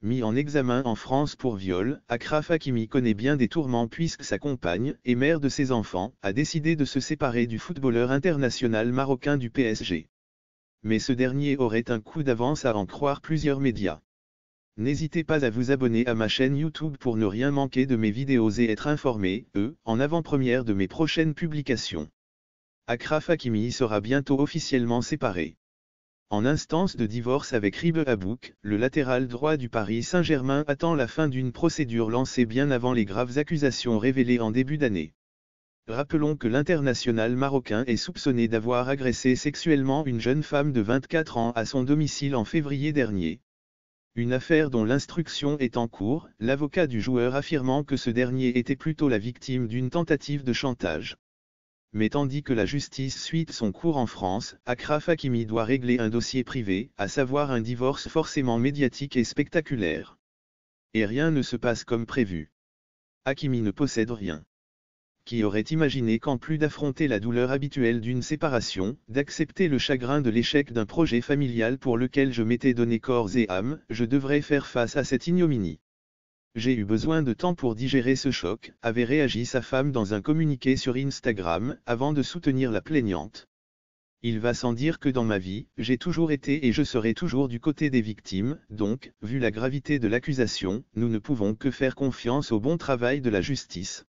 mis en examen en France pour viol, Akraf Hakimi connaît bien des tourments puisque sa compagne et mère de ses enfants a décidé de se séparer du footballeur international marocain du PSG. Mais ce dernier aurait un coup d'avance à en croire plusieurs médias. N'hésitez pas à vous abonner à ma chaîne YouTube pour ne rien manquer de mes vidéos et être informé, eux, en avant-première de mes prochaines publications. Akraf Hakimi sera bientôt officiellement séparé. En instance de divorce avec Ribe Abouk, le latéral droit du Paris Saint-Germain attend la fin d'une procédure lancée bien avant les graves accusations révélées en début d'année. Rappelons que l'international marocain est soupçonné d'avoir agressé sexuellement une jeune femme de 24 ans à son domicile en février dernier. Une affaire dont l'instruction est en cours, l'avocat du joueur affirmant que ce dernier était plutôt la victime d'une tentative de chantage mais tandis que la justice suit son cours en France, Akraf Hakimi doit régler un dossier privé, à savoir un divorce forcément médiatique et spectaculaire. Et rien ne se passe comme prévu. Hakimi ne possède rien. Qui aurait imaginé qu'en plus d'affronter la douleur habituelle d'une séparation, d'accepter le chagrin de l'échec d'un projet familial pour lequel je m'étais donné corps et âme, je devrais faire face à cette ignominie j'ai eu besoin de temps pour digérer ce choc, avait réagi sa femme dans un communiqué sur Instagram, avant de soutenir la plaignante. Il va sans dire que dans ma vie, j'ai toujours été et je serai toujours du côté des victimes, donc, vu la gravité de l'accusation, nous ne pouvons que faire confiance au bon travail de la justice.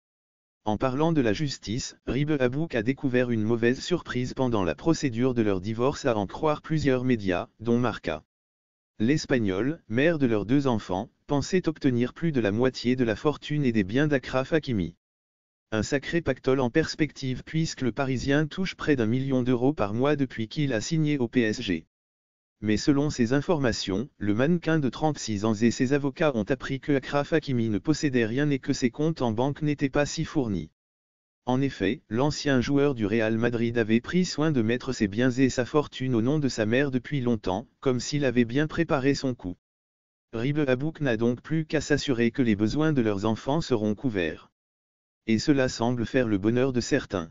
En parlant de la justice, Ribe Abouk a découvert une mauvaise surprise pendant la procédure de leur divorce à en croire plusieurs médias, dont Marca. L'Espagnol, mère de leurs deux enfants, pensait obtenir plus de la moitié de la fortune et des biens d'Akraf Hakimi. Un sacré pactole en perspective puisque le Parisien touche près d'un million d'euros par mois depuis qu'il a signé au PSG. Mais selon ces informations, le mannequin de 36 ans et ses avocats ont appris que Akraf Hakimi ne possédait rien et que ses comptes en banque n'étaient pas si fournis. En effet, l'ancien joueur du Real Madrid avait pris soin de mettre ses biens et sa fortune au nom de sa mère depuis longtemps, comme s'il avait bien préparé son coup. Ribe Abouk n'a donc plus qu'à s'assurer que les besoins de leurs enfants seront couverts. Et cela semble faire le bonheur de certains.